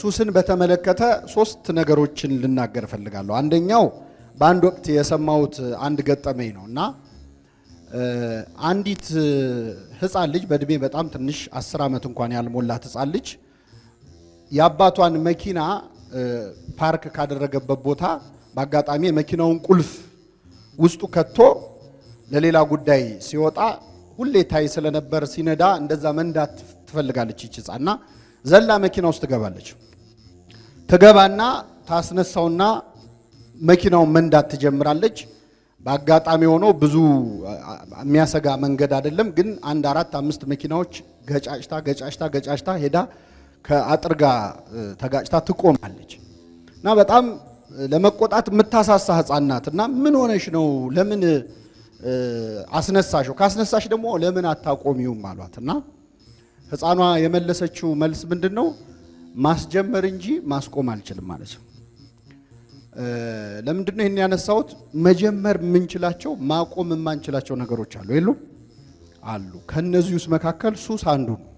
ሱስን በተመለከተ ሶስት ነገሮችን ልናገር እፈልጋለሁ። አንደኛው በአንድ ወቅት የሰማሁት አንድ ገጠመኝ ነው እና አንዲት ህፃን ልጅ በእድሜ በጣም ትንሽ አስር ዓመት እንኳን ያልሞላት ህፃን ልጅ የአባቷን መኪና ፓርክ ካደረገበት ቦታ በአጋጣሚ የመኪናውን ቁልፍ ውስጡ ከቶ ለሌላ ጉዳይ ሲወጣ ሁሌ ታይ ስለነበር ሲነዳ እንደዛ መንዳት ትፈልጋለች ይች ህፃና ዘላ መኪና ውስጥ ትገባለች። ትገባና ታስነሳውና መኪናውን መንዳት ትጀምራለች። በአጋጣሚ ሆኖ ብዙ የሚያሰጋ መንገድ አይደለም፣ ግን አንድ አራት አምስት መኪናዎች ገጫጭታ ገጫጭታ ገጫጭታ ሄዳ ከአጥር ጋር ተጋጭታ ትቆማለች። እና በጣም ለመቆጣት የምታሳሳ ህፃን ናት። እና ምን ሆነሽ ነው? ለምን አስነሳሽው? ካስነሳሽ ደግሞ ለምን አታቆሚውም አሏት እና ህፃኗ የመለሰችው መልስ ምንድን ነው? ማስጀመር እንጂ ማስቆም አልችልም ማለት ነው። ለምንድን ነው ይህን ያነሳሁት? መጀመር የምንችላቸው ማቆም የማንችላቸው ነገሮች አሉ የሉ አሉ። ከእነዚህ ውስጥ መካከል ሱስ አንዱ ነው።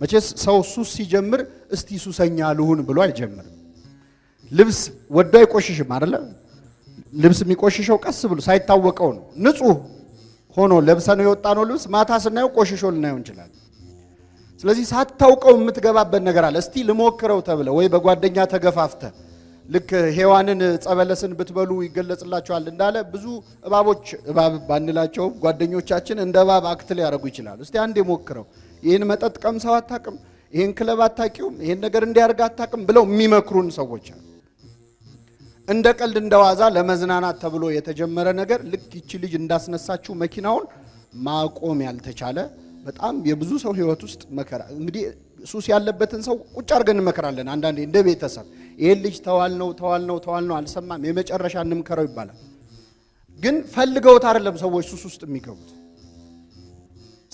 መቼስ ሰው ሱስ ሲጀምር እስቲ ሱሰኛ ልሁን ብሎ አይጀምርም። ልብስ ወዶ አይቆሽሽም አይደለ? ልብስ የሚቆሽሸው ቀስ ብሎ ሳይታወቀው ነው። ንጹህ ሆኖ ለብሰነው የወጣነው የወጣ ነው ልብስ ማታ ስናየው ቆሽሾ ልናየው እንችላለን። ስለዚህ ሳታውቀው የምትገባበት ነገር አለ። እስቲ ልሞክረው ተብለ ወይ በጓደኛ ተገፋፍተ ልክ ሔዋንን ጸበለስን ብትበሉ ይገለጽላቸዋል እንዳለ ብዙ እባቦች እባብ ባንላቸው ጓደኞቻችን እንደ እባብ አክት ሊያደርጉ ይችላሉ። እስቲ አንዴ ሞክረው ይህን መጠጥ ቀምሰው አታቅም፣ ይህን ክለብ አታቂውም፣ ይህን ነገር እንዲያደርግ አታቅም ብለው የሚመክሩን ሰዎች አሉ። እንደ ቀልድ እንደ ዋዛ ለመዝናናት ተብሎ የተጀመረ ነገር ልክ ይቺ ልጅ እንዳስነሳችው መኪናውን ማቆም ያልተቻለ በጣም የብዙ ሰው ህይወት ውስጥ መከራ እንግዲህ ሱስ ያለበትን ሰው ቁጭ አድርገን እንመከራለን። አንዳንዴ እንደ ቤተሰብ ይህን ልጅ ተዋልነው ተዋልነው ተዋልነው አልሰማም፣ የመጨረሻ እንምከረው ይባላል። ግን ፈልገውት አይደለም ሰዎች ሱስ ውስጥ የሚገቡት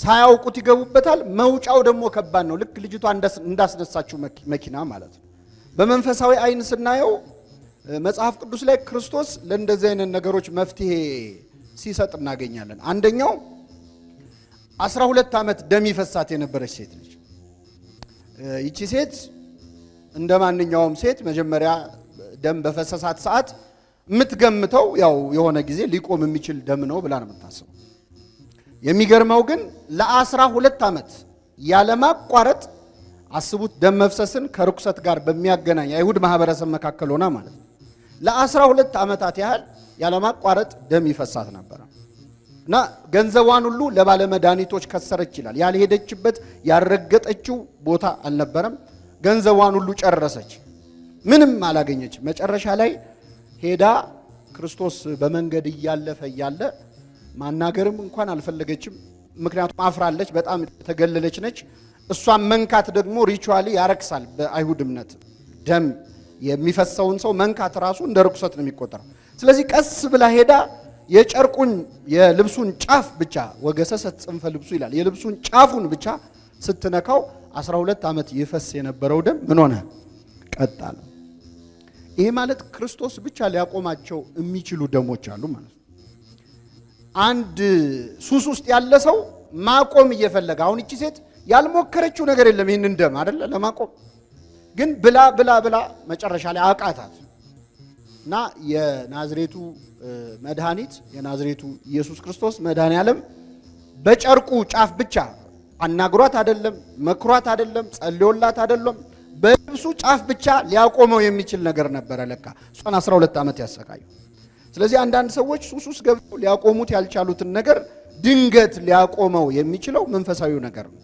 ሳያውቁት ይገቡበታል። መውጫው ደግሞ ከባድ ነው። ልክ ልጅቷ እንዳስነሳችው መኪና ማለት ነው። በመንፈሳዊ አይን ስናየው መጽሐፍ ቅዱስ ላይ ክርስቶስ ለእንደዚህ አይነት ነገሮች መፍትሄ ሲሰጥ እናገኛለን። አንደኛው አስራ ሁለት ዓመት ደም ይፈሳት የነበረች ሴት ነች። ይቺ ሴት እንደ ማንኛውም ሴት መጀመሪያ ደም በፈሰሳት ሰዓት የምትገምተው ያው የሆነ ጊዜ ሊቆም የሚችል ደም ነው ብላ ነው የምታስበው። የሚገርመው ግን ለአስራ ሁለት ዓመት ያለማቋረጥ አስቡት፣ ደም መፍሰስን ከርኩሰት ጋር በሚያገናኝ አይሁድ ማህበረሰብ መካከል ሆና ማለት ነው። ለአስራ ሁለት ዓመታት ያህል ያለማቋረጥ ደም ይፈሳት ነበር እና ገንዘቧን ሁሉ ለባለመድኃኒቶች ከሰረች ይላል። ያልሄደችበት ያልረገጠችው ቦታ አልነበረም። ገንዘቧን ሁሉ ጨረሰች፣ ምንም አላገኘች። መጨረሻ ላይ ሄዳ ክርስቶስ በመንገድ እያለፈ እያለ ማናገርም እንኳን አልፈለገችም። ምክንያቱም አፍራለች፣ በጣም የተገለለች ነች። እሷን መንካት ደግሞ ሪቹዋሊ ያረክሳል። በአይሁድ እምነት ደም የሚፈሰውን ሰው መንካት ራሱ እንደ ርኩሰት ነው የሚቆጠረው። ስለዚህ ቀስ ብላ ሄዳ የጨርቁን የልብሱን ጫፍ ብቻ ወገሰሰት ጽንፈ ልብሱ ይላል። የልብሱን ጫፉን ብቻ ስትነካው 12 ዓመት ይፈስ የነበረው ደም ምን ሆነ? ቀጣለ። ይሄ ማለት ክርስቶስ ብቻ ሊያቆማቸው የሚችሉ ደሞች አሉ ማለት ነው። አንድ ሱስ ውስጥ ያለ ሰው ማቆም እየፈለገ አሁን እቺ ሴት ያልሞከረችው ነገር የለም ይህንን ደም አይደለ ለማቆም ግን ብላ ብላ ብላ መጨረሻ ላይ አቃታት። እና የናዝሬቱ መድኃኒት የናዝሬቱ ኢየሱስ ክርስቶስ መድኃኔ ዓለም በጨርቁ ጫፍ ብቻ አናግሯት አይደለም፣ መክሯት አይደለም፣ ጸልዮላት አይደለም። በልብሱ ጫፍ ብቻ ሊያቆመው የሚችል ነገር ነበረ። ለካ እሷን 12 ዓመት ያሰቃዩ። ስለዚህ አንዳንድ ሰዎች ሱስ ውስጥ ገብተው ሊያቆሙት ያልቻሉትን ነገር ድንገት ሊያቆመው የሚችለው መንፈሳዊ ነገር ነው።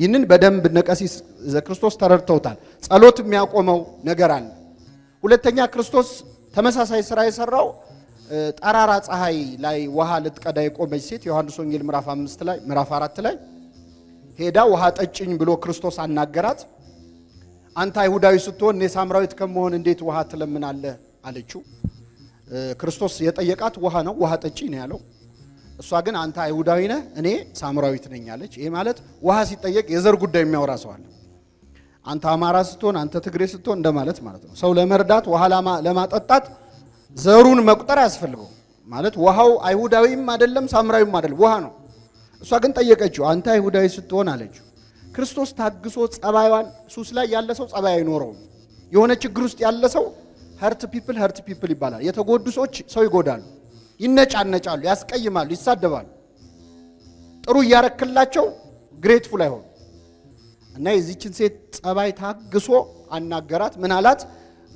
ይህንን በደንብ ነቀሲስ ዘክርስቶስ ተረድተውታል። ጸሎት የሚያቆመው ነገር አለ። ሁለተኛ ክርስቶስ ተመሳሳይ ስራ የሰራው ጠራራ ፀሐይ ላይ ውሃ ልትቀዳ የቆመች ሴት ዮሐንስ ወንጌል ምዕራፍ አምስት ላይ ምዕራፍ አራት ላይ ሄዳ ውሃ ጠጭኝ ብሎ ክርስቶስ አናገራት። አንተ አይሁዳዊ ስትሆን እኔ ሳምራዊት ከመሆን እንዴት ውሃ ትለምናለህ? አለችው። ክርስቶስ የጠየቃት ውሃ ነው፣ ውሃ ጠጭኝ ነው ያለው። እሷ ግን አንተ አይሁዳዊ ነህ፣ እኔ ሳምራዊት ነኝ አለች። ይሄ ማለት ውሃ ሲጠየቅ የዘር ጉዳይ የሚያወራ ሰው አለ። አንተ አማራ ስትሆን አንተ ትግሬ ስትሆን እንደማለት ማለት ነው። ሰው ለመርዳት ውሃ ለማጠጣት ዘሩን መቁጠር አያስፈልገው ማለት ውሃው አይሁዳዊም አይደለም ሳምራዊም አይደለም ውሃ ነው። እሷ ግን ጠየቀችው፣ አንተ አይሁዳዊ ስትሆን አለችው። ክርስቶስ ታግሶ ጸባይዋን ሱስ ላይ ያለ ሰው ጸባይ አይኖረውም። የሆነ ችግር ውስጥ ያለ ሰው ሀርት ፒፕል ሀርት ፒፕል ይባላል። የተጎዱ ሰዎች ሰው ይጎዳሉ፣ ይነጫነጫሉ፣ ያስቀይማሉ፣ ይሳደባሉ። ጥሩ እያረክላቸው ግሬትፉል አይሆኑ እና የዚችን ሴት ጸባይ ታግሶ አናገራት። ምን አላት?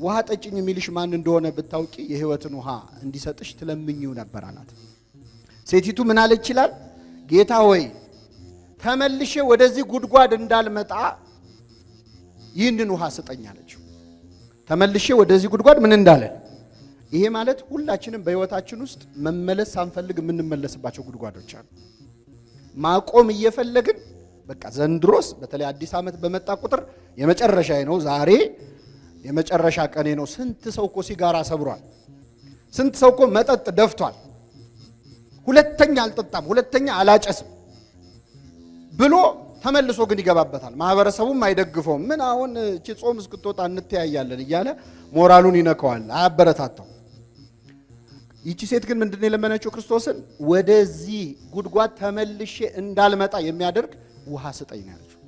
ውሃ ጠጭኝ የሚልሽ ማን እንደሆነ ብታውቂ የህይወትን ውሃ እንዲሰጥሽ ትለምኝው ነበር አላት። ሴቲቱ ምን አለች ይላል? ጌታ ሆይ ተመልሼ ወደዚህ ጉድጓድ እንዳልመጣ ይህንን ውሃ ስጠኝ አለችው። ተመልሼ ወደዚህ ጉድጓድ ምን እንዳለ ይሄ ማለት ሁላችንም በህይወታችን ውስጥ መመለስ ሳንፈልግ የምንመለስባቸው ጉድጓዶች አሉ። ማቆም እየፈለግን በቃ ዘንድሮስ በተለይ አዲስ ዓመት በመጣ ቁጥር የመጨረሻ ነው፣ ዛሬ የመጨረሻ ቀኔ ነው። ስንት ሰው እኮ ሲጋራ ሰብሯል። ስንት ሰው እኮ መጠጥ ደፍቷል። ሁለተኛ አልጠጣም፣ ሁለተኛ አላጨስም ብሎ ተመልሶ ግን ይገባበታል። ማህበረሰቡም አይደግፈውም። ምን አሁን እቺ ጾም እስክትወጣ እንተያያለን እያለ ሞራሉን ይነካዋል፣ አያበረታታው። ይቺ ሴት ግን ምንድን የለመነችው? ክርስቶስን ወደዚህ ጉድጓድ ተመልሼ እንዳልመጣ የሚያደርግ ውሃ ስጠኝ ነው ያለችው።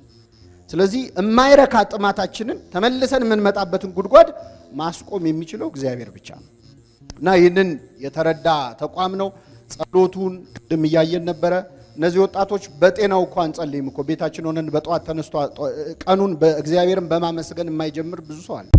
ስለዚህ የማይረካ ጥማታችንን ተመልሰን የምንመጣበትን ጉድጓድ ማስቆም የሚችለው እግዚአብሔር ብቻ ነው እና ይህንን የተረዳ ተቋም ነው። ጸሎቱን ቅድም እያየን ነበረ። እነዚህ ወጣቶች በጤናው እኳ አንጸልይም እኮ ቤታችን ሆነን በጠዋት ተነስቶ ቀኑን በእግዚአብሔርን በማመስገን የማይጀምር ብዙ ሰው አለ።